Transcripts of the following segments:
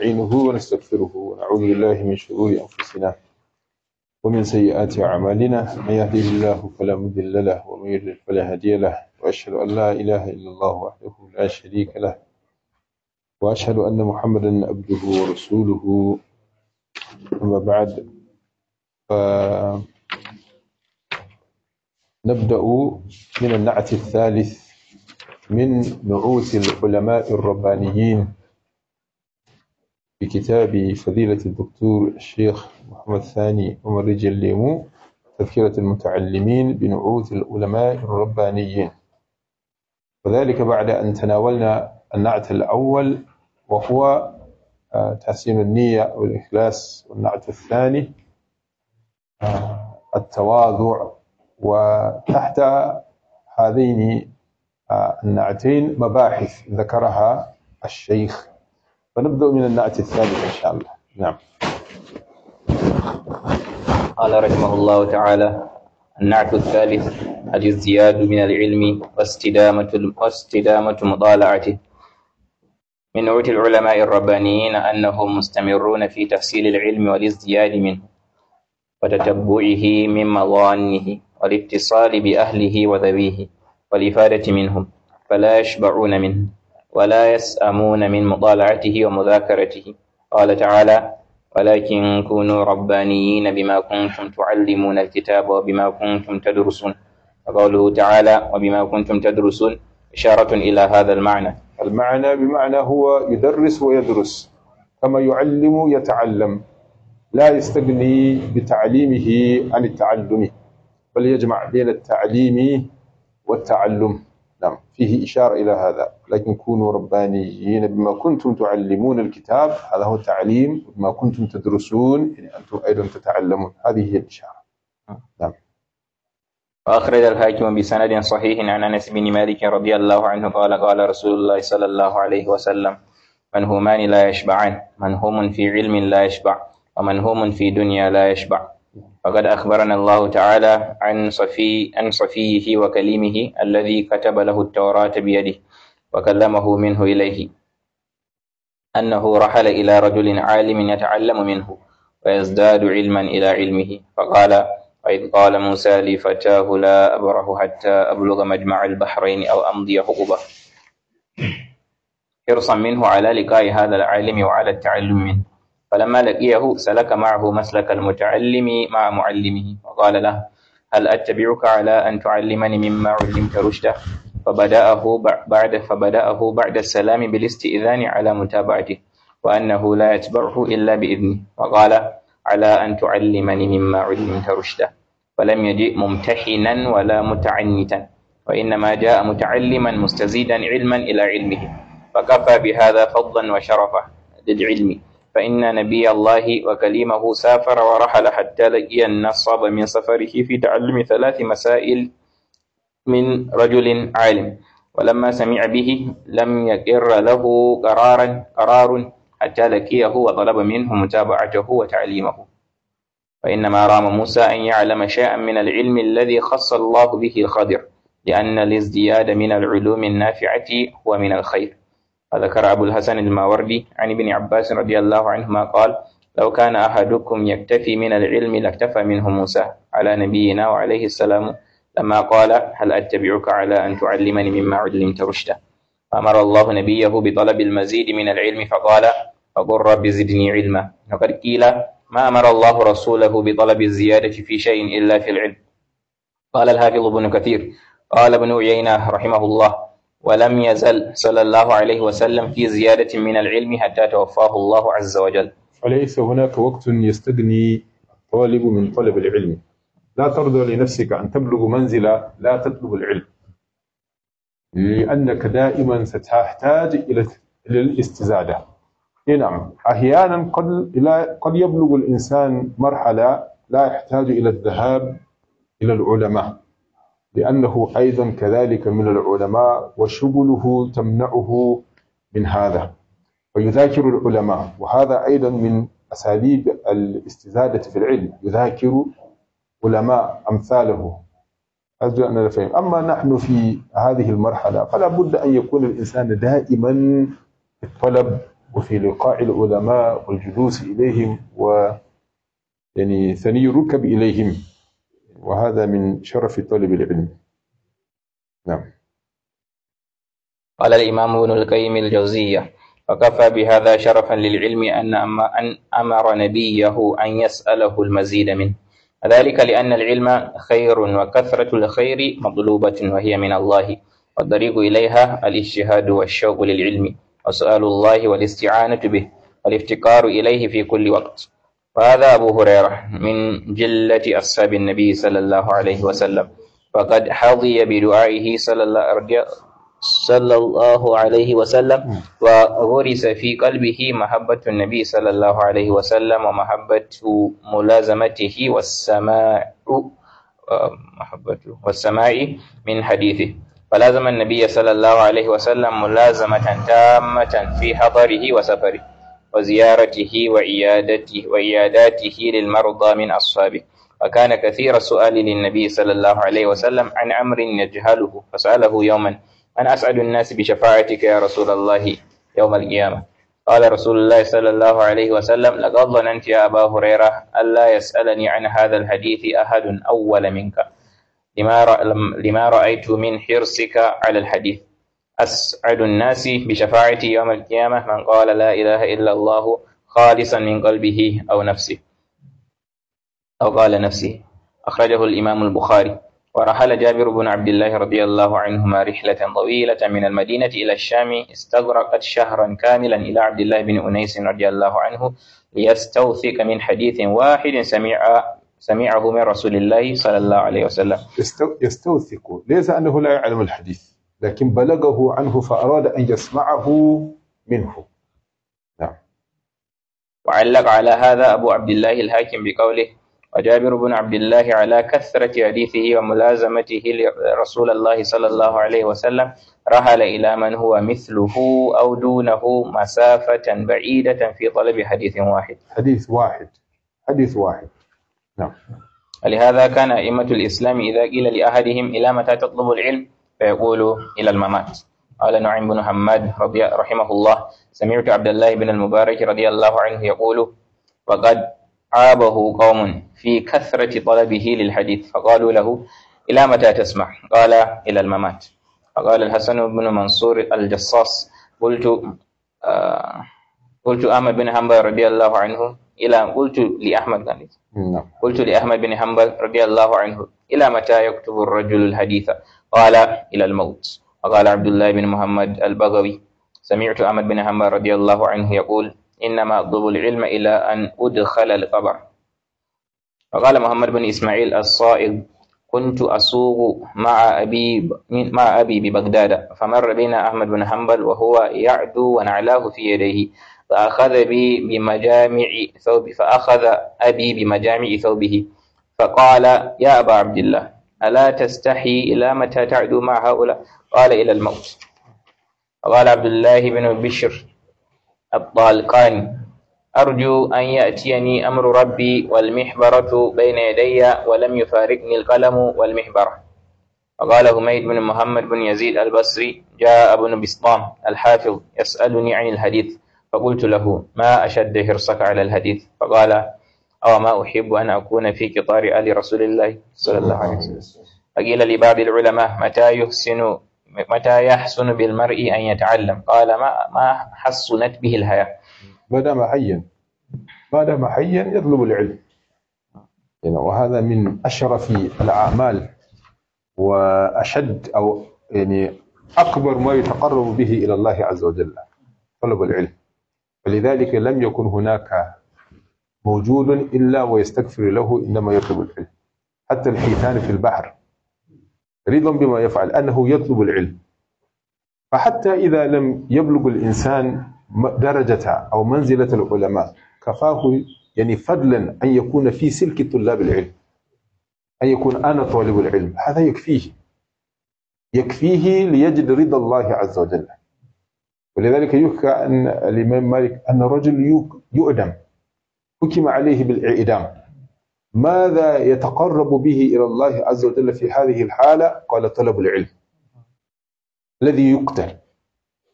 ونستعينه ونستغفره ونعوذ بالله من شرور أنفسنا ومن سيئات أعمالنا من يهده الله فلا مضل له ومن يضلل فلا هادي له وأشهد أن لا إله إلا الله وحده لا شريك له وأشهد أن محمدا عبده ورسوله أما بعد فنبدأ من النعت الثالث من نعوت العلماء الربانيين بكتاب فضيلة الدكتور الشيخ محمد ثاني عمر رجل ليمو تذكرة المتعلمين بنعوت العلماء الربانيين وذلك بعد أن تناولنا النعت الأول وهو آه، تحسين النية أو الإخلاص والنعت الثاني آه، التواضع وتحت هذين آه، النعتين مباحث ذكرها الشيخ فنبدأ من النعت الثالث إن شاء الله نعم قال رحمه الله تعالى النعت الثالث الازدياد من العلم واستدامة واستدامة مطالعته من نعوت العلماء الربانيين أنهم مستمرون في تحصيل العلم والازدياد منه وتتبعه من مظانه والاتصال بأهله وذويه والإفادة منهم فلا يشبعون منه ولا يسأمون من مطالعته ومذاكرته قال تعالى ولكن كونوا ربانيين بما كنتم تعلمون الكتاب وبما كنتم تدرسون وقوله تعالى وبما كنتم تدرسون إشارة إلى هذا المعنى المعنى بمعنى هو يدرس ويدرس كما يعلم يتعلم لا يستغني بتعليمه عن التعلم بل يجمع بين التعليم والتعلم نعم فيه إشارة إلى هذا لكن كونوا ربانيين بما كنتم تعلمون الكتاب هذا هو التعليم بما كنتم تدرسون يعني أنتم أيضا تتعلمون هذه هي الإشارة نعم وأخرج الحاكم بسند صحيح عن أنس بن مالك رضي الله عنه قال قال رسول الله صلى الله عليه وسلم من منهومان لا يشبعان من منهوم في علم لا يشبع ومن ومنهوم في دنيا لا يشبع فقد أخبرنا الله تعالى عن صفي عن صفيه وكليمه الذي كتب له التوراة بيده وكلمه منه إليه أنه رحل إلى رجل عالم يتعلم منه ويزداد علما إلى علمه فقال وإذ قال موسى لفتاه لا أبره حتى أبلغ مجمع البحرين أو أمضي حقبة حرصا منه على لقاء هذا العالم وعلى التعلم منه فلما لقيه سلك معه مسلك المتعلم مع معلمه وقال له هل أتبعك على أن تعلمني مما علمت رشدا فبدأه بعد فبدأه بعد السلام بالاستئذان على متابعته وأنه لا يتبعه إلا بإذنه وقال على أن تعلمني مما علمت رشدا فلم يجئ ممتحنا ولا متعنتا وإنما جاء متعلما مستزيدا علما إلى علمه فكفى بهذا فضلا وشرفا للعلم فإن نبي الله وكليمه سافر ورحل حتى لقي النصاب من سفره في تعلم ثلاث مسائل من رجل عالم ولما سمع به لم يقر له قرارا قرار حتى لقيه وطلب منه متابعته وتعليمه فإنما رام موسى أن يعلم شيئا من العلم الذي خص الله به الخضر لأن الازدياد من العلوم النافعة هو من الخير وذكر أبو الحسن الماوردي عن ابن عباس رضي الله عنهما قال لو كان أحدكم يكتفي من العلم لاكتفى منه موسى على نبينا وعليه السلام لما قال هل أتبعك على أن تعلمني مما علمت رشدا فأمر الله نبيه بطلب المزيد من العلم فقال فقل رب زدني علما وقد قيل ما أمر الله رسوله بطلب الزيادة في شيء إلا في العلم قال الحافظ ابن كثير قال ابن عيينة رحمه الله ولم يزل صلى الله عليه وسلم في زيادة من العلم حتى توفاه الله عز وجل وليس هناك وقت يستغني الطالب من طلب العلم لا ترضى لنفسك أن تبلغ منزلة لا تطلب العلم لأنك دائما ستحتاج إلى الاستزادة إيه نعم أحيانا قد لا قد يبلغ الإنسان مرحلة لا يحتاج إلى الذهاب إلى العلماء لأنه أيضا كذلك من العلماء وشبله تمنعه من هذا ويذاكر العلماء وهذا أيضا من أساليب الاستزادة في العلم يذاكر علماء أمثاله أما نحن في هذه المرحلة فلا بد أن يكون الإنسان دائما في الطلب وفي لقاء العلماء والجلوس إليهم و يعني ثني الركب إليهم وهذا من شرف طالب العلم نعم قال الإمام ابن القيم الجوزية وكفى بهذا شرفا للعلم أن أن أمر نبيه أن يسأله المزيد منه ذلك لأن العلم خير وكثرة الخير مطلوبة وهي من الله والطريق إليها الاجتهاد والشوق للعلم وسؤال الله والاستعانة به والافتقار إليه في كل وقت وهذا أبو هريرة من جلة أصحاب النبي صلى الله عليه وسلم فقد حظي بدعائه صلى الله صلى الله عليه وسلم وغرس في قلبه محبة النبي صلى الله عليه وسلم ومحبة ملازمته والسماع محبته والسماع من حديثه فلازم النبي صلى الله عليه وسلم ملازمة تامة في حضره وسفره وزيارته وعيادته, وعياداته للمرضى من أصحابه وكان كثير السؤال للنبي صلى الله عليه وسلم عن أمر يجهله فسأله يوما أن أسعد الناس بشفاعتك يا رسول الله يوم القيامة قال رسول الله صلى الله عليه وسلم لقد ظننت يا أبا هريرة ألا يسألني عن هذا الحديث أحد أول منك لما, لما رأيت من حرصك على الحديث أسعد الناس بشفاعتي يوم القيامة من قال لا إله إلا الله خالصا من قلبه أو نفسه أو قال نفسه أخرجه الإمام البخاري ورحل جابر بن عبد الله رضي الله عنهما رحلة طويلة من المدينة إلى الشام استغرقت شهرا كاملا إلى عبد الله بن أنيس رضي الله عنه ليستوثق من حديث واحد سمع سمعه من رسول الله صلى الله عليه وسلم يستوثق ليس أنه لا يعلم الحديث لكن بلغه عنه فأراد أن يسمعه منه نعم وعلق على هذا أبو عبد الله الهاكم بقوله وجابر بن عبد الله على كثرة حديثه وملازمته لرسول الله صلى الله عليه وسلم رحل إلى من هو مثله أو دونه مسافة بعيدة في طلب حديث واحد حديث واحد حديث واحد نعم ولهذا كان أئمة الإسلام إذا قيل لأحدهم إلى متى تطلب العلم فيقول إلى الممات قال نعيم بن حماد رضي رحمه الله سمعت عبد الله بن المبارك رضي الله عنه يقول وقد عابه قوم في كثرة طلبه للحديث فقالوا له إلى متى تسمع قال إلى الممات فقال الحسن بن منصور الجصاص قلت آه، قلت أحمد بن حنبل رضي الله عنه إلى قلت لأحمد نعم. قلت لأحمد بن حنبل رضي الله عنه إلى متى يكتب الرجل الحديث قال إلى الموت وقال عبد الله بن محمد البغوي سمعت أحمد بن حنبل رضي الله عنه يقول إنما أطلب العلم إلى أن أدخل القبر وقال محمد بن إسماعيل الصائغ كنت أسوق مع أبي مع أبي ببغداد فمر بنا أحمد بن حنبل وهو يعدو ونعلاه في يديه فأخذ بي بمجامع ثوبي فأخذ أبي بمجامع ثوبه فقال يا أبا عبد الله ألا تستحي إلى متى تعدو مع هؤلاء قال إلى الموت قال عبد الله بن بشر الطالقاني أرجو أن يأتيني أمر ربي والمحبرة بين يدي ولم يفارقني القلم والمحبرة وقال هميد بن محمد بن يزيد البصري جاء ابن بسطام الحافظ يسألني عن الحديث فقلت له ما أشد حرصك على الحديث فقال أو ما أحب أن أكون في قطار آل رسول الله صلى الله عليه وسلم فقيل لبعض العلماء متى يحسن متى يحسن بالمرء أن يتعلم قال ما ما حصنت به الحياة ما دام حيا ما دام حيا يطلب العلم يعني وهذا من أشرف الأعمال وأشد أو يعني أكبر ما يتقرب به إلى الله عز وجل طلب العلم ولذلك لم يكن هناك موجود إلا ويستغفر له إنما يطلب العلم حتى الحيتان في البحر رضا بما يفعل أنه يطلب العلم فحتى إذا لم يبلغ الإنسان درجة أو منزلة العلماء كفاه يعني فضلا أن يكون في سلك طلاب العلم أن يكون أنا طالب العلم هذا يكفيه يكفيه ليجد رضا الله عز وجل ولذلك يحكى أن الإمام مالك أن الرجل يؤدم حكم عليه بالإعدام ماذا يتقرب به إلى الله عز وجل في هذه الحالة قال طلب العلم الذي يقتل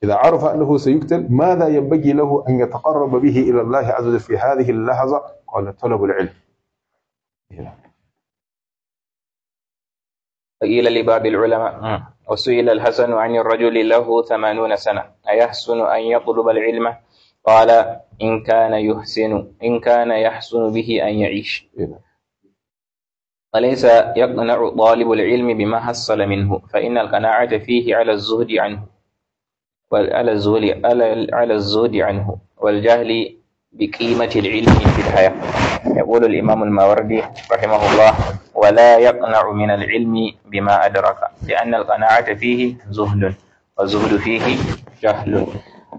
إذا عرف أنه سيقتل ماذا ينبغي له أن يتقرب به إلى الله عز وجل في هذه اللحظة قال طلب العلم قيل لبعض العلماء آه. وسئل الحسن عن الرجل له ثمانون سنة أيحسن أن يطلب العلم قال إن كان يحسن إن كان يحسن به أن يعيش وليس يقنع طالب العلم بما حصل منه فإن القناعة فيه على الزهد عنه وعلى الزهد على الزهد عنه والجهل بقيمة العلم في الحياة يقول الإمام الماوردي رحمه الله ولا يقنع من العلم بما أدرك لأن القناعة فيه زهد والزهد فيه جهل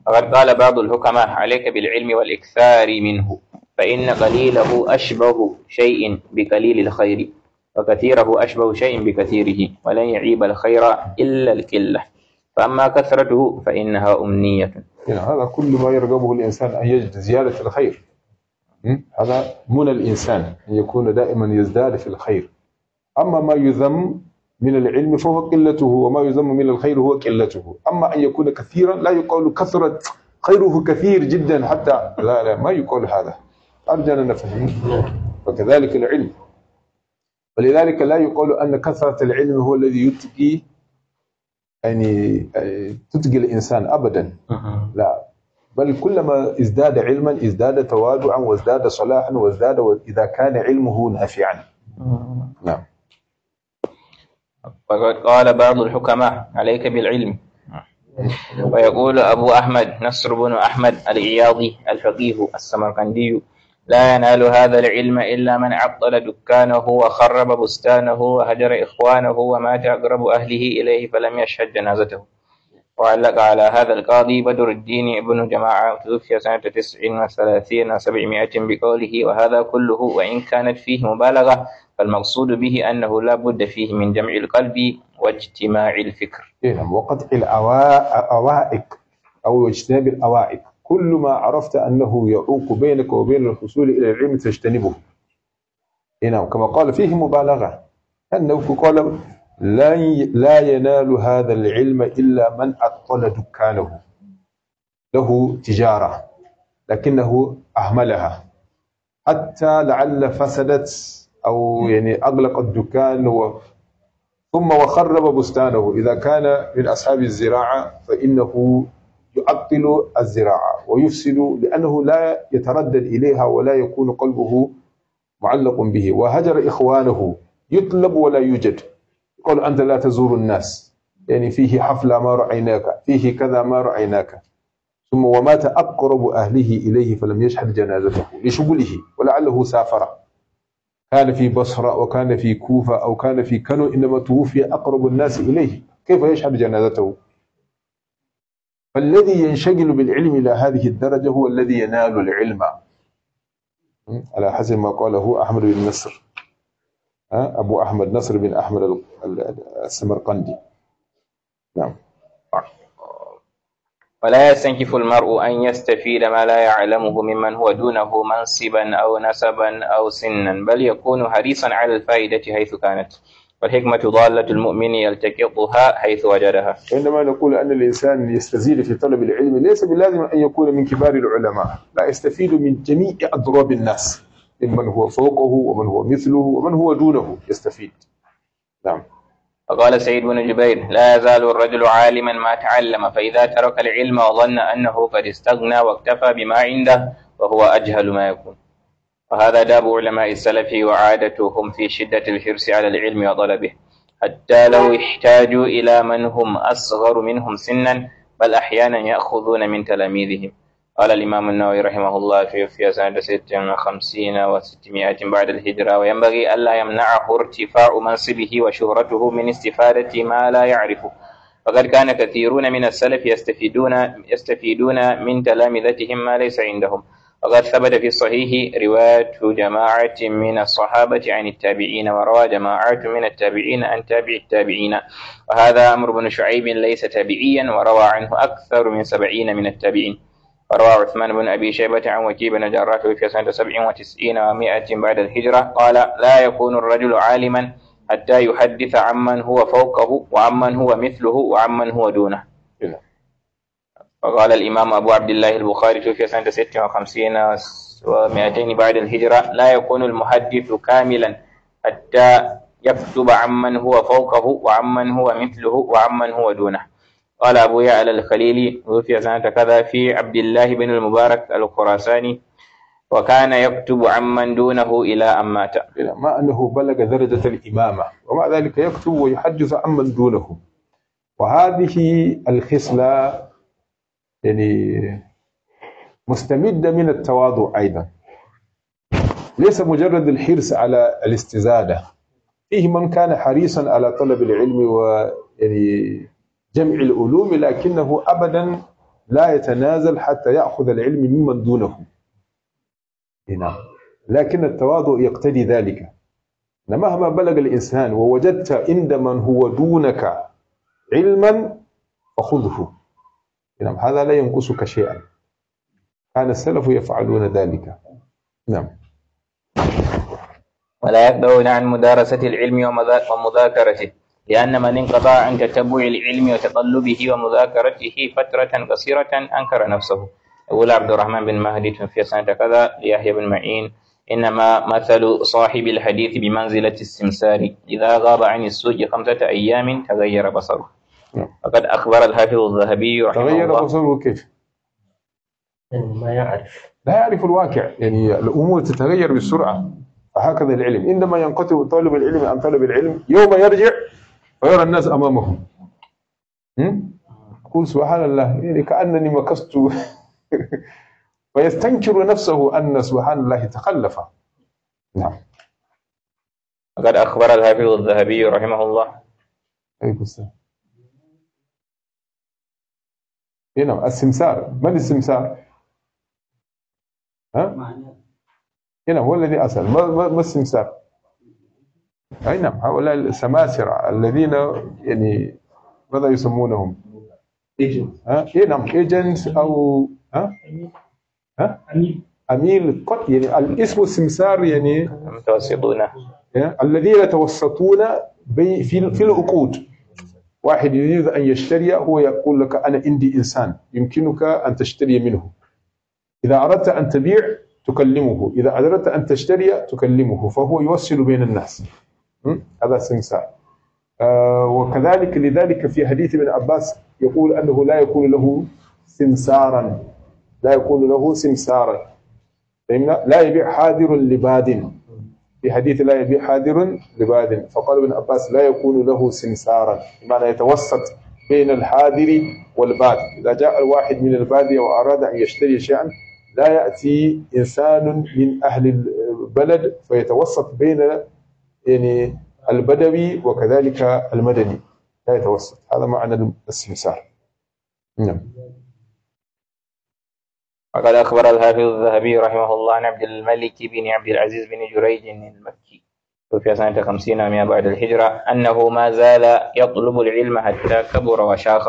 وقد قال بعض الحكماء عليك بالعلم والإكثار منه فإن قليله أشبه شيء بقليل الخير وكثيره أشبه شيء بكثيره ولن يعيب الخير إلا الكلة فأما كثرته فإنها أمنية هذا كل ما يرغبه الإنسان أن يجد زيادة الخير هذا منى الإنسان أن يكون دائما يزداد في الخير أما ما يذم من العلم فهو قلته وما يذم من الخير هو قلته أما أن يكون كثيرا لا يقال كثرة خيره كثير جدا حتى لا لا ما يقال هذا أرجو أن نفهم وكذلك العلم ولذلك لا يقال أن كثرة العلم هو الذي يتقي يعني تتقي الإنسان أبدا لا بل كلما ازداد علما ازداد تواضعا وازداد صلاحا وازداد إذا كان علمه نافعا آه. نعم وقد قال بعض الحكماء عليك بالعلم ويقول أبو أحمد نصر بن أحمد العياضي الفقيه السمرقندي لا ينال هذا العلم إلا من عطل دكانه وخرب بستانه وهجر إخوانه ومات أقرب أهله إليه فلم يشهد جنازته وعلق على هذا القاضي بدر الدين ابن جماعة توفي سنة تسع وثلاثين وسبعمائة بقوله وهذا كله وإن كانت فيه مبالغة فالمقصود به أنه لا بد فيه من جمع القلب واجتماع الفكر إيه نعم، وقطع الأوائك أو اجتناب الأوائك كل ما عرفت أنه يعوق بينك وبين الحصول إلى العلم تجتنبه هنا إيه نعم، كما قال فيه مبالغة أنه قال لا ينال هذا العلم إلا من أطل دكانه له تجارة لكنه أهملها حتى لعل فسدت أو يعني أغلق الدكان و ثم وخرب بستانه إذا كان من أصحاب الزراعة فإنه يعطل الزراعة ويفسد لأنه لا يتردد إليها ولا يكون قلبه معلق به وهجر إخوانه يطلب ولا يوجد قال أنت لا تزور الناس يعني فيه حفلة ما رأيناك فيه كذا ما رأيناك ثم ومات أقرب أهله إليه فلم يشهد جنازته لشبله ولعله سافر كان في بصرة وكان في كوفة أو كان في كنو إنما توفي أقرب الناس إليه كيف يشهد جنازته فالذي ينشغل بالعلم إلى هذه الدرجة هو الذي ينال العلم على حسب ما قاله أحمد بن مصر أبو أحمد نصر بن أحمد السمرقندي نعم ولا يستنكف المرء أن يستفيد ما لا يعلمه ممن هو دونه منصبا أو نسبا أو سنا بل يكون حريصا على الفائدة حيث كانت والحكمة ضالة المؤمن يلتقطها حيث وجدها عندما نقول أن الإنسان يستزيد في طلب العلم ليس بلازم أن يكون من كبار العلماء لا يستفيد من جميع أضراب الناس ممن هو فوقه ومن هو مثله ومن هو دونه يستفيد نعم فقال سيد بن جبير لا يزال الرجل عالما ما تعلم فإذا ترك العلم وظن أنه قد استغنى واكتفى بما عنده وهو أجهل ما يكون وهذا داب علماء السلف وعادتهم في شدة الحرص على العلم وطلبه حتى لو احتاجوا إلى من هم أصغر منهم سنا بل أحيانا يأخذون من تلاميذهم قال الإمام النووي رحمه الله في سنة ست وخمسين وستمائة بعد الهجرة وينبغي ألا يمنعه ارتفاع منصبه وشهرته من استفادة ما لا يعرفه فقد كان كثيرون من السلف يستفيدون يستفيدون من تلامذتهم ما ليس عندهم وقد ثبت في الصحيح رواية جماعة من الصحابة عن التابعين وروى جماعة من التابعين عن تابع التابعين وهذا أمر بن شعيب ليس تابعيا وروى عنه أكثر من سبعين من التابعين وروى عثمان بن أبي شيبة عن وكيب بن جراح في سنة سبع وتسعين ومائة بعد الهجرة قال لا يكون الرجل عالما حتى يحدث عمن هو فوقه وعمن هو مثله وعمن هو دونه وقال الإمام أبو عبد الله البخاري توفي سنة 56 و200 بعد الهجرة لا يكون المحدث كاملا حتى يكتب عمن هو فوقه وعمن هو مثله وعمن هو دونه قال أبو يعلى الخليلي توفي سنة كذا في عبد الله بن المبارك الخراساني وكان يكتب عمن دونه إلى أن مات إلى ما أنه بلغ درجة الإمامة ومع ذلك يكتب ويحدث عمن دونه وهذه الخصلة يعني مستمدة من التواضع أيضا ليس مجرد الحرص على الاستزادة فيه من كان حريصا على طلب العلم و يعني جمع العلوم لكنه أبدا لا يتنازل حتى يأخذ العلم ممن دونه هنا لكن التواضع يقتدي ذلك مهما بلغ الإنسان ووجدت عند من هو دونك علما فخذه نعم هذا لا ينقصك شيئا كان السلف يفعلون ذلك نعم ولا يبدون عن مدارسة العلم ومذاكرته لأن من انقطع عن تتبع العلم وتطلبه ومذاكرته فترة قصيرة أنكر نفسه يقول عبد الرحمن بن مهدي في سنة كذا ليحيى بن معين إنما مثل صاحب الحديث بمنزلة السمسار إذا غاب عن السوق خمسة أيام تغير بصره وقد نعم. أخبر الحافظ الذهبي رحمه تغير الله تغير بصره كيف؟ ما يعرف لا يعرف الواقع يعني الأمور تتغير بسرعة فهكذا العلم عندما ينقطع طالب العلم عن طلب العلم يوم يرجع ويرى الناس أمامهم يقول سبحان الله يعني كأنني مكثت ويستنكر نفسه أن سبحان الله تخلف نعم قد أخبر الحافظ الذهبي رحمه الله أيكم السلام إيه نعم السمسار من السمسار؟ ها؟ هنا إيه نعم، هو الذي أسأل ما, ما السمسار؟ أي نعم هؤلاء السماسرة الذين يعني ماذا يسمونهم؟ ايجنتس اي نعم ايجنتس او ها؟ ها؟ عميل عميل قط يعني الاسم السمسار يعني المتوسطون الذين يتوسطون في في العقود واحد يريد ان يشتري هو يقول لك انا عندي انسان يمكنك ان تشتري منه اذا اردت ان تبيع تكلمه اذا اردت ان تشتري تكلمه فهو يوصل بين الناس هذا سمسار آه وكذلك لذلك في حديث ابن عباس يقول أنه لا يكون له سمسارا لا يكون له سمسارا فهمنا لا يبيع حاذر لباد في حديث لا يبيع حاذر لباد فقال ابن عباس لا يكون له سمسارا بمعنى يتوسط بين الحاذر والباد إذا جاء الواحد من البادية وأراد أن يشتري شيئا لا يأتي إنسان من أهل البلد فيتوسط بين يعني البدوي وكذلك المدني لا يتوسط هذا معنى الاستفسار نعم وقد أخبر الحافظ الذهبي رحمه الله عن عبد الملك بن عبد العزيز بن جريج المكي توفي سنة 50 مئة بعد الهجرة أنه ما زال يطلب العلم حتى كبر وشاخ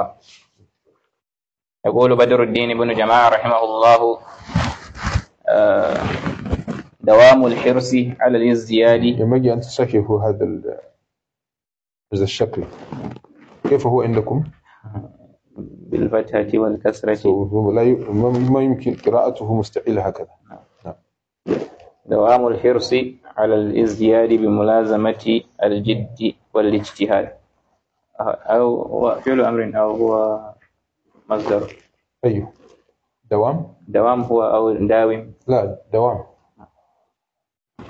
يقول بدر الدين بن جماعة رحمه الله آه دوام الحرص على الازدياد ينبغي أن تصححوا هذا هذا الشكل كيف هو عندكم؟ بالفتحة والكسرة ما يمكن قراءته مستحيل هكذا نعم. دوام الحرص على الازدياد بملازمة الجد والاجتهاد أو هو فعل أمر أو هو مصدر أيوه دوام دوام هو أو داوم لا دوام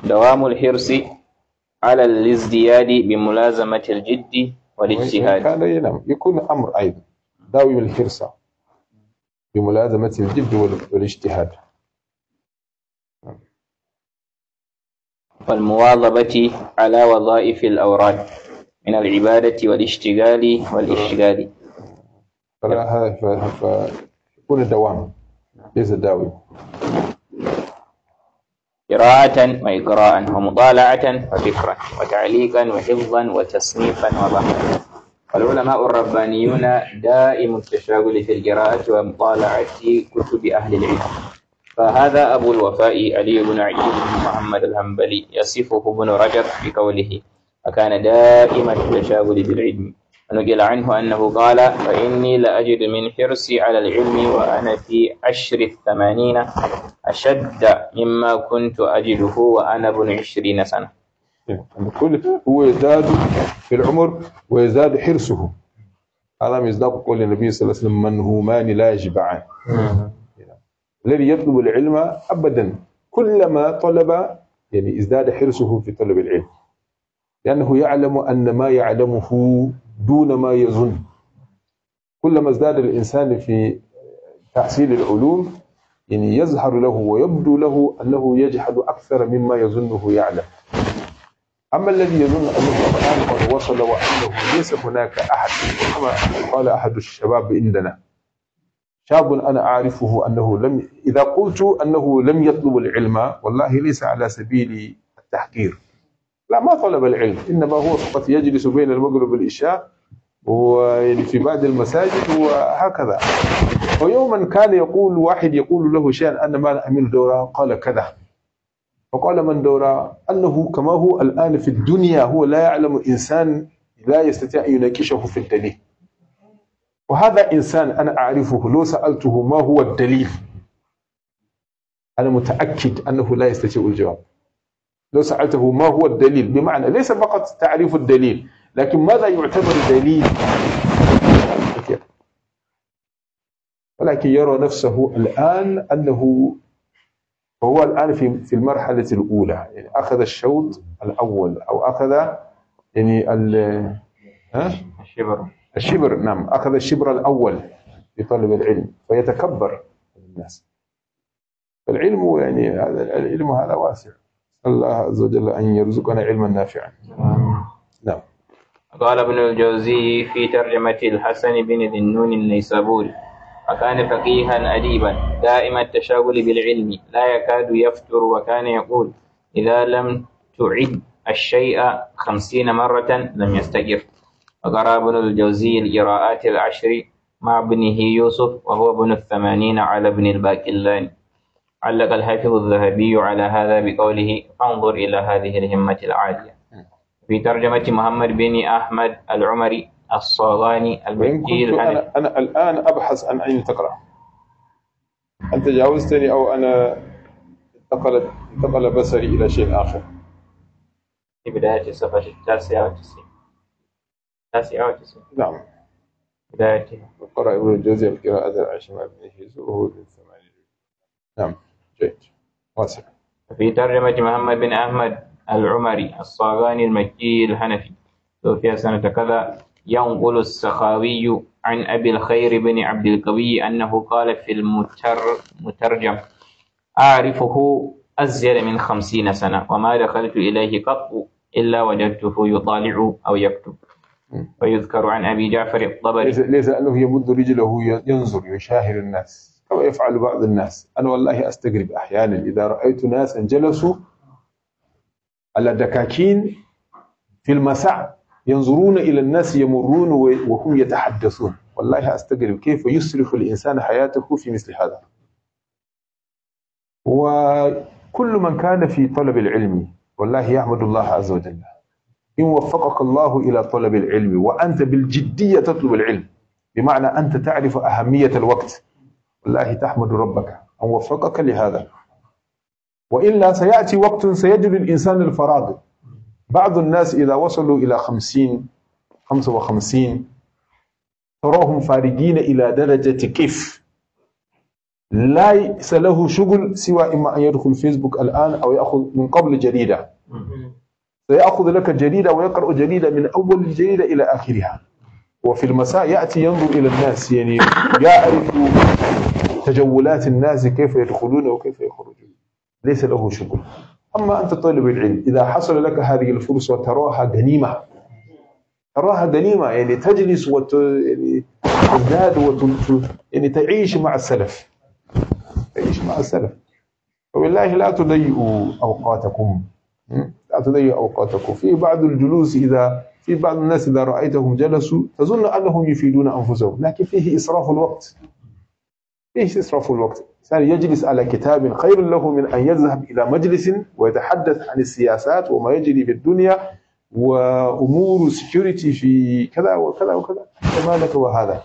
دوام الحرص على الازدياد بملازمة الجد والاجتهاد هذا ينام يكون أمر أيضا داوي الحرص بملازمة الجد والاجتهاد والمواظبة على وظائف الأوراد من العبادة والاشتغال والاشتغال فلا هذا فيكون دوام ليس داوي قراءة وإقراء ومطالعة وفكرا وتعليقا وحفظا وتصنيفا وبحثا والعلماء الربانيون دائم التشاغل في القراءة ومطالعة كتب أهل العلم فهذا أبو الوفاء علي بن عيد بن محمد الهنبلي يصفه ابن رجب بقوله وكان دائما التشاغل بالعلم ونقل عنه أنه قال فإني لأجد من حرصي على العلم وأنا في عشر الثمانين أشد مما كنت أجده وأنا ابن عشرين سنة كل هو يزداد في العمر ويزداد حرصه هذا مصداق قول النبي صلى الله عليه وسلم من منهومان لا يجبعان الذي يطلب العلم أبدا كلما طلب يعني ازداد حرصه في طلب العلم لأنه يعلم أن ما يعلمه دون ما يظن كلما ازداد الإنسان في تحصيل العلوم يعني يظهر له ويبدو له أنه يجحد أكثر مما يظنه يعلم أما الذي يظن أنه سبحانه قد وصل وأنه ليس هناك أحد كما قال أحد الشباب عندنا شاب أنا أعرفه أنه لم إذا قلت أنه لم يطلب العلم والله ليس على سبيل التحقير لا ما طلب العلم إنما هو فقط يجلس بين المغرب والعشاء يعني في بعض المساجد وهكذا ويوما كان يقول واحد يقول له شيئا ان ما امين دورة قال كذا فقال من دورة أنه كما هو الآن في الدنيا هو لا يعلم إنسان لا يستطيع أن يناقشه في الدليل وهذا إنسان أنا أعرفه لو سألته ما هو الدليل أنا متأكد أنه لا يستطيع الجواب لو سألته ما هو الدليل بمعنى ليس فقط تعريف الدليل لكن ماذا يعتبر دليل ولكن يرى نفسه الآن أنه هو الآن في في المرحلة الأولى يعني أخذ الشوط الأول أو أخذ يعني ال ها؟ الشبر الشبر نعم أخذ الشبر الأول في طلب العلم فيتكبر الناس فالعلم يعني هذا العلم هذا واسع الله عز وجل أن يرزقنا علما نافعا نعم قال ابن الجوزي في ترجمة الحسن بن ذي النون النيسابوري وكان فقيها أديبا دائم التشاغل بالعلم لا يكاد يفتر وكان يقول إذا لم تعد الشيء خمسين مرة لم يستجر وقرأ ابن الجوزي القراءات العشر مع ابنه يوسف وهو ابن الثمانين على ابن الباكلاني علق الحافظ الذهبي على هذا بقوله فانظر إلى هذه الهمة العالية في ترجمة محمد بن أحمد العمري الصالاني المكي أنا, أنا الآن أبحث عن أين تقرأ أنت جاوزتني أو أنا انتقلت انتقل بصري إلى شيء آخر في بداية الصفحة التاسعة والتسعين التاسعة والتسعين نعم بدايتها وقرأ ابن الجوزي القراءة العشمة بن هزوره من ثمانية نعم جيد واسع في ترجمة محمد بن أحمد العمري الصاغاني المكي الحنفي توفي سنة كذا ينقل السخاوي عن أبي الخير بن عبد القوي أنه قال في المترجم أعرفه أزيد من خمسين سنة وما دخلت إليه قط إلا وجدته يطالع أو يكتب ويذكر عن أبي جعفر الطبري ليس أنه يمد رجله ينظر يشاهد الناس كما يفعل بعض الناس أنا والله أستغرب أحيانا إذا رأيت ناسا جلسوا على دكاكين في المساء ينظرون إلى الناس يمرون وهم يتحدثون والله أستغرب كيف يسرف الإنسان حياته في مثل هذا وكل من كان في طلب العلم والله يحمد الله عز وجل إن وفقك الله إلى طلب العلم وأنت بالجدية تطلب العلم بمعنى أنت تعرف أهمية الوقت والله تحمد ربك أن وفقك لهذا وإلا سيأتي وقت سيجد الإنسان الفراغ بعض الناس إذا وصلوا إلى خمسين خمسة وخمسين تراهم فارغين إلى درجة كيف ليس له شغل سوى إما أن يدخل فيسبوك الآن أو يأخذ من قبل جريدة سيأخذ لك جريدة ويقرأ جريدة من أول جريدة إلى آخرها وفي المساء يأتي ينظر إلى الناس يعني يعرف تجولات الناس كيف يدخلون وكيف يخرجون ليس له شغل أما أنت طالب العلم إذا حصل لك هذه الفرصة تراها غنيمة تراها غنيمة يعني تجلس وت... يعني تزداد وت... يعني تعيش مع السلف تعيش مع السلف وبالله لا تضيئوا أوقاتكم لا تضيئوا أوقاتكم في بعض الجلوس إذا في بعض الناس إذا رأيتهم جلسوا تظن أنهم يفيدون أنفسهم لكن فيه إسراف الوقت ايش اسراف الوقت الإنسان يجلس على كتاب خير له من أن يذهب إلى مجلس ويتحدث عن السياسات وما يجري في الدنيا وأمور سكيورتي في كذا وكذا وكذا ما لك وهذا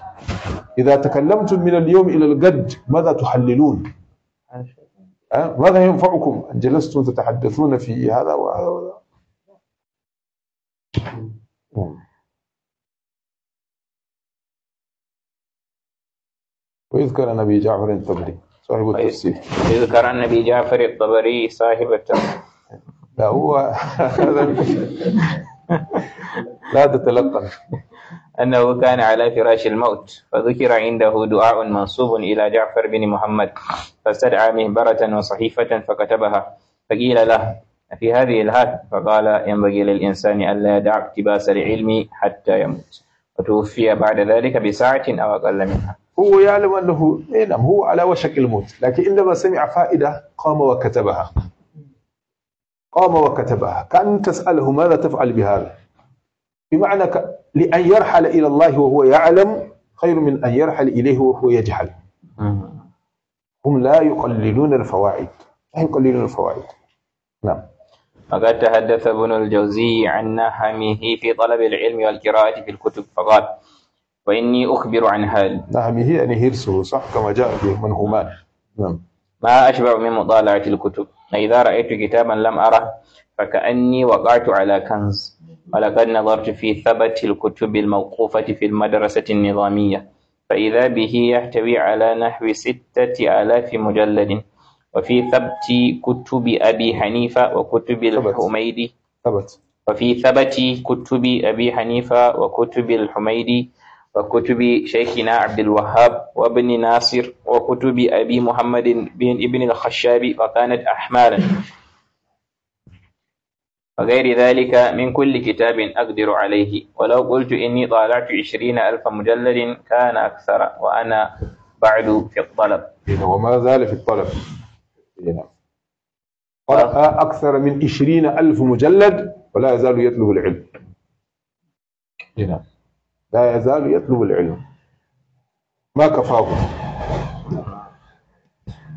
إذا تكلمتم من اليوم إلى الغد ماذا تحللون؟ ماذا ينفعكم أن جلستم تتحدثون في هذا وهذا ويذكر النبي أبي جعفر الطبري صاحب التفسير يذكر النبي أبي جعفر الطبري صاحب التفسير لا هو لا تتلقى أنه كان على فراش الموت فذكر عنده دعاء منصوب إلى جعفر بن محمد فاستدعى مهبرة وصحيفة فكتبها فقيل له في هذه الهات فقال ينبغي للإنسان ألا يدع اقتباس العلم حتى يموت وتوفي بعد ذلك بساعة أو أقل منها هو يعلم أنه نعم هو على وشك الموت لكن عندما سمع فائدة قام وكتبها قام وكتبها كأن تسأله ماذا تفعل بهذا بمعنى ك... لأن يرحل إلى الله وهو يعلم خير من أن يرحل إليه وهو يجهل هم لا يقللون الفوائد لا يقللون الفوائد نعم فقد تحدث ابن الجوزي عن نحمه في طلب العلم والقراءة في الكتب فقال وإني أخبر عن حالي نعم هي أن يعني هرسه صح كما جاء في هما نعم ما أشبع من مطالعة الكتب إذا رأيت كتابا لم أره فكأني وقعت على كنز ولقد نظرت في ثبت الكتب الموقوفة في المدرسة النظامية فإذا به يحتوي على نحو ستة آلاف مجلد وفي ثبت كتب أبي حنيفة وكتب الحميدي ثبت وفي ثبت كتب أبي حنيفة وكتب الحميدي وكتب شيخنا عبد الوهاب وابن ناصر وكتب أبي محمد بن ابن الخشاب وكانت أحمالا وغير ذلك من كل كتاب أقدر عليه ولو قلت إني طالعت عشرين ألف مجلد كان أكثر وأنا بعد في الطلب وما زال في الطلب قرأ آه. أكثر من عشرين ألف مجلد ولا يزال يطلب العلم نعم لا يزال يطلب العلم ما كفاه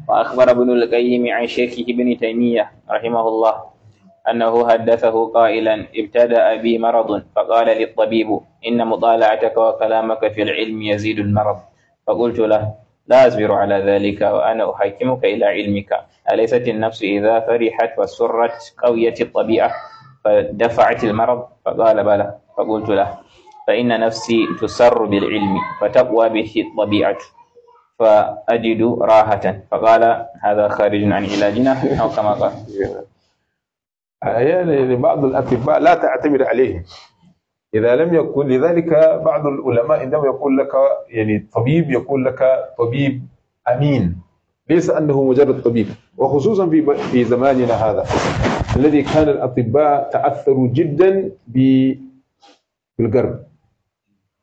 وأخبر ابن القيم عن شيخ ابن تيمية رحمه الله أنه حدثه قائلا ابتدأ بي مرض فقال للطبيب إن مطالعتك وكلامك في العلم يزيد المرض فقلت له لا أصبر على ذلك وأنا أحكمك إلى علمك أليست النفس إذا فرحت وسرت قويت الطبيعة فدفعت المرض فقال بلى فقلت له فإن نفسي تسر بالعلم فتقوى به الطبيعة فأجد راحة فقال هذا خارج عن علاجنا أو كما قال يعني بعض الأطباء لا تعتمد عليهم إذا لم يكن لذلك بعض العلماء عندما يقول لك يعني طبيب يقول لك طبيب أمين ليس أنه مجرد طبيب وخصوصا في في زماننا هذا الذي كان الأطباء تأثروا جدا بالغرب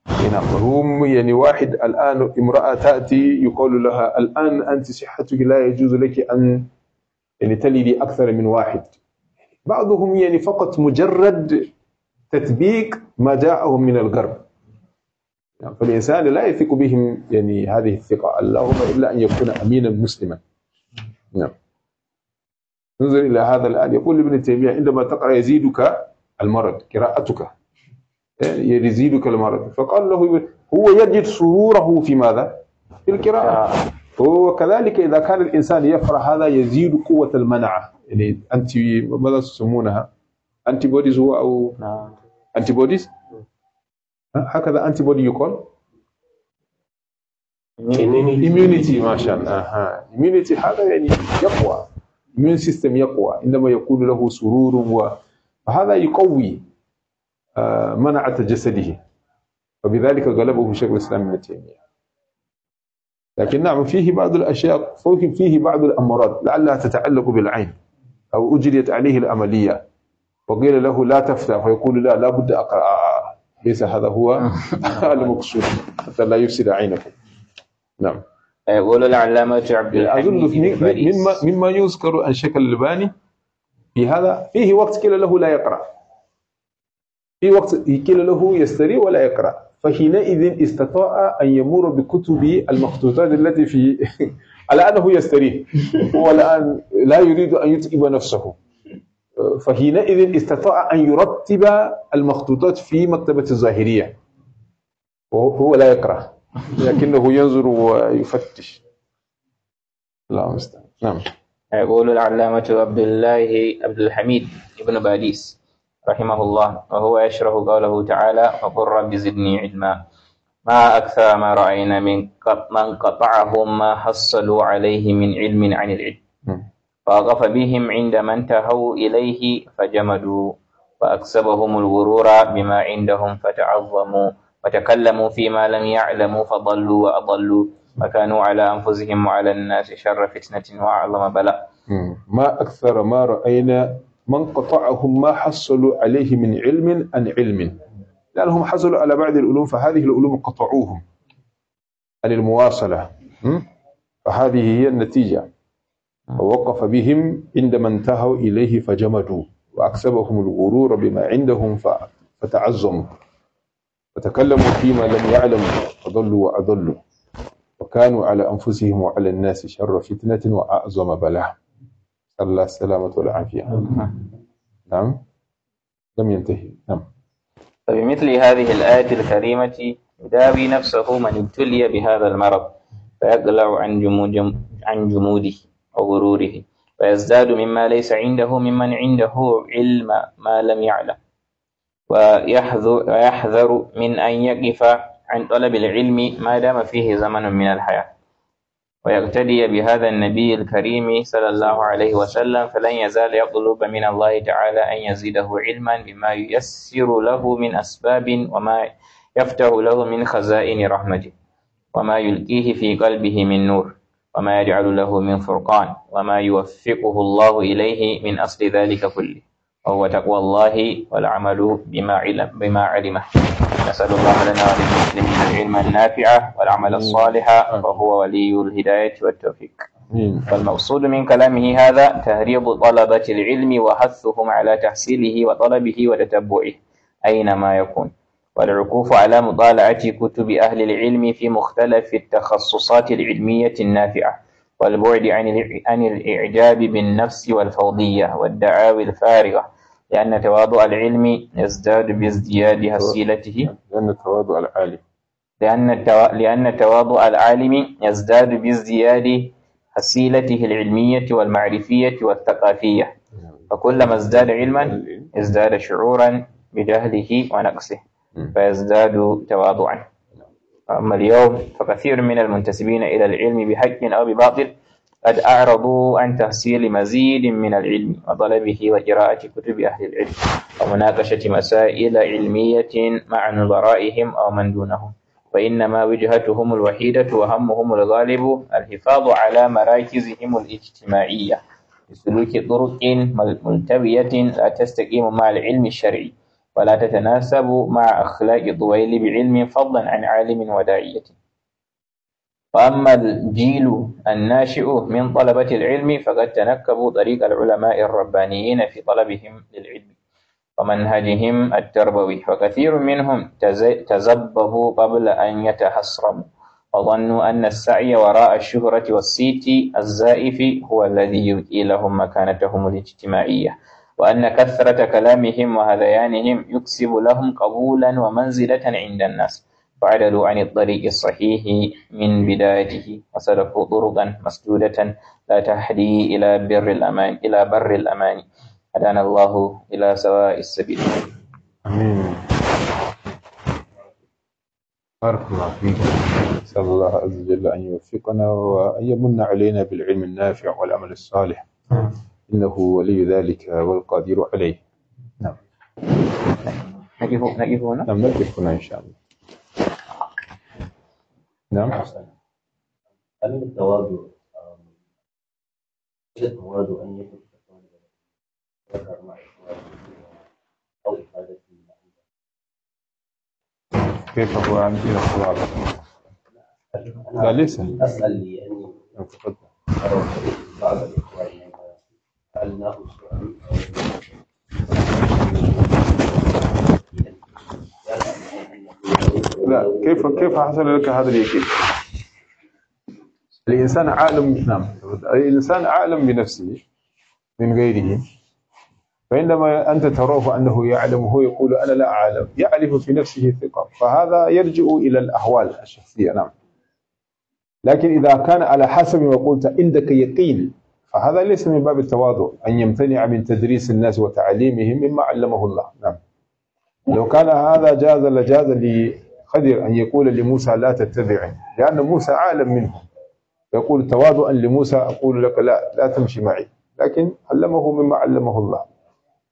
هنا هم يعني واحد الآن امرأة تأتي يقول لها الآن أنت صحتك لا يجوز لك أن يعني تلدي أكثر من واحد بعضهم يعني فقط مجرد تثبيك ما جاءهم من الغرب يعني فالإنسان لا يثق بهم يعني هذه الثقة اللهم إلا أن يكون أمينا مسلما نعم انظر إلى هذا الآن يقول ابن تيمية عندما تقرأ يزيدك المرض قراءتك يزيدك المعرفة فقال له هو يجد سروره في ماذا؟ في القراءة وكذلك إذا كان الإنسان يقرأ هذا يزيد قوة المناعه يعني أنت ماذا تسمونها؟ أنتي بوديز هو أو أنتي نعم. بوديز؟ هكذا أنتي بودي يقول immunity ما شاء الله اها immunity هذا يعني يقوى immune system يقوى عندما يكون له سرور و... فهذا يقوي آه، منعة جسده وبذلك غلبه شيخ الإسلام ابن تيمية لكن نعم فيه بعض الأشياء فيه بعض الأمراض لعلها تتعلق بالعين أو أجريت عليه العملية وقيل له لا تفتح فيقول لا لا بد أقرأ ليس هذا هو المقصود حتى لا يفسد عينه نعم يقول العلامة عبد الحميد أظن مما مما يذكر أن شكل الباني في هذا فيه وقت قيل له لا يقرأ في وقت قيل له يستري ولا يقرأ فحينئذ استطاع أن يمر بكتب المخطوطات التي في على أنه يستريح والآن لا يريد أن يتعب نفسه فحينئذ استطاع أن يرتب المخطوطات في مكتبة الظاهرية وهو لا يقرأ لكنه ينظر ويفتش الله المستعان نعم يقول العلامة عبد الله عبد الحميد ابن باديس رحمه الله وهو يشرح قوله تعالى وقل رب زدني علما ما أكثر ما رأينا من من قطعهم ما حصلوا عليه من علم عن العلم فأغف بهم عندما انتهوا إليه فجمدوا فأكسبهم الغرور بما عندهم فتعظموا وتكلموا فيما لم يعلموا فضلوا وأضلوا وكانوا على أنفسهم وعلى الناس شر فتنة وأعظم بلاء ما أكثر ما رأينا من قطعهم ما حصلوا عليه من علم عن علم لأنهم حصلوا على بعض العلوم فهذه العلوم قطعوهم عن المواصلة فهذه هي النتيجة نعم. ووقف بهم عندما انتهوا إليه فجمدوا وأكسبهم الغرور بما عندهم فتعزموا وتكلموا فيما لم يعلموا فضلوا وأضلوا وكانوا على أنفسهم وعلى الناس شر فتنة وأعظم بلاء نسأل الله السلامة والعافية نعم لم ينتهي نعم فبمثل هذه الآية الكريمة يداوي نفسه من ابتلي بهذا المرض فيقلع عن جمود عن جموده أو غروره ويزداد مما ليس عنده ممن عنده علم ما لم يعلم ويحذر, ويحذر من أن يقف عن طلب العلم ما دام فيه زمن من الحياة ويقتدي بهذا النبي الكريم صلى الله عليه وسلم فلن يزال يطلب من الله تعالى أن يزيده علما بما ييسر له من أسباب وما يفتح له من خزائن رحمته وما يلقيه في قلبه من نور وما يجعل له من فرقان وما يوفقه الله إليه من أصل ذلك كله وهو تقوى الله والعمل بما علم بما علمه نسأل الله لنا وللمسلمين العلم النافع والعمل الصالح وهو ولي الهداية والتوفيق فالمقصود من كلامه هذا تهريب طلبة العلم وحثهم على تحصيله وطلبه وتتبعه أينما يكون والعكوف على مطالعة كتب أهل العلم في مختلف التخصصات العلمية النافعة والبعد عن الإعجاب بالنفس والفوضية والدعاوي الفارغة لأن تواضع العلم يزداد بازدياد هسيلته لأن تواضع العالم لأن لأن تواضع العالم يزداد بازدياد هسيلته العلمية والمعرفية والثقافية نعم. فكلما ازداد علما ازداد شعورا بجهله ونقصه نعم. فيزداد تواضعا نعم. أما اليوم فكثير من المنتسبين إلى العلم بحق أو بباطل قد أعرضوا عن تحصيل مزيد من العلم وطلبه وقراءة كتب أهل العلم ومناقشة مسائل علمية مع نظرائهم أو من دونهم وإنما وجهتهم الوحيدة وهمهم الغالب الحفاظ على مراكزهم الاجتماعية بسلوك طرق ملتوية لا تستقيم مع العلم الشرعي ولا تتناسب مع أخلاق طويل بعلم فضلا عن عالم وداعية وأما الجيل الناشئ من طلبة العلم فقد تنكبوا طريق العلماء الربانيين في طلبهم للعلم ومنهجهم التربوي وكثير منهم تزببوا قبل أن يتحصرموا وظنوا أن السعي وراء الشهرة والصيت الزائف هو الذي يؤتي لهم مكانتهم الاجتماعية وأن كثرة كلامهم وهذيانهم يكسب لهم قبولا ومنزلة عند الناس وعدلوا عن الطريق الصحيح من بدايته وسلكوا طرقا مسدودة لا تهدي إلى بر الأمان إلى بر الأمان هدانا الله إلى سواء السبيل آمين بارك الله فيك نسأل الله عز وجل أن يوفقنا وأن يمن علينا بالعلم النافع والعمل الصالح إنه ولي ذلك والقادر عليه نعم نقف هنا نعم نقف هنا إن شاء الله نعم هل من التواضع من التواضع أن مع أو كيف هو عندي كذا التواضع؟ لا ليس أسأل لأني بعض الإخوان هل ناخذ سؤال لا كيف كيف حصل لك هذا اليقين؟ الإنسان عالم نعم الإنسان عالم بنفسه من غيره فعندما أنت تراه أنه يعلم هو يقول أنا لا أعلم يعرف في نفسه ثقة فهذا يرجع إلى الأحوال الشخصية نعم لكن إذا كان على حسب ما قلت عندك يقين فهذا ليس من باب التواضع أن يمتنع من تدريس الناس وتعليمهم مما علمه الله نعم لو كان هذا جاز لجاز لخضر أن يقول لموسى لا تتبعني لأن موسى أعلم منه يقول تواضعا لموسى أقول لك لا لا تمشي معي لكن علمه مما علمه الله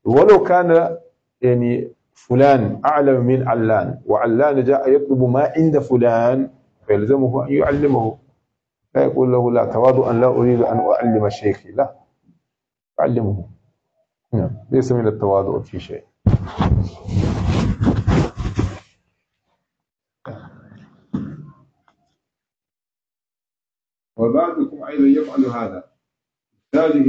ولو كان يعني فلان أعلم من علان وعلان جاء يطلب ما عند فلان فيلزمه أن يعلمه لا يقول له لا تواضعا لا أريد أن أعلم شيخي لا علمه نعم ليس من التواضع في شيء وبعضكم أيضا يفعل هذا هذه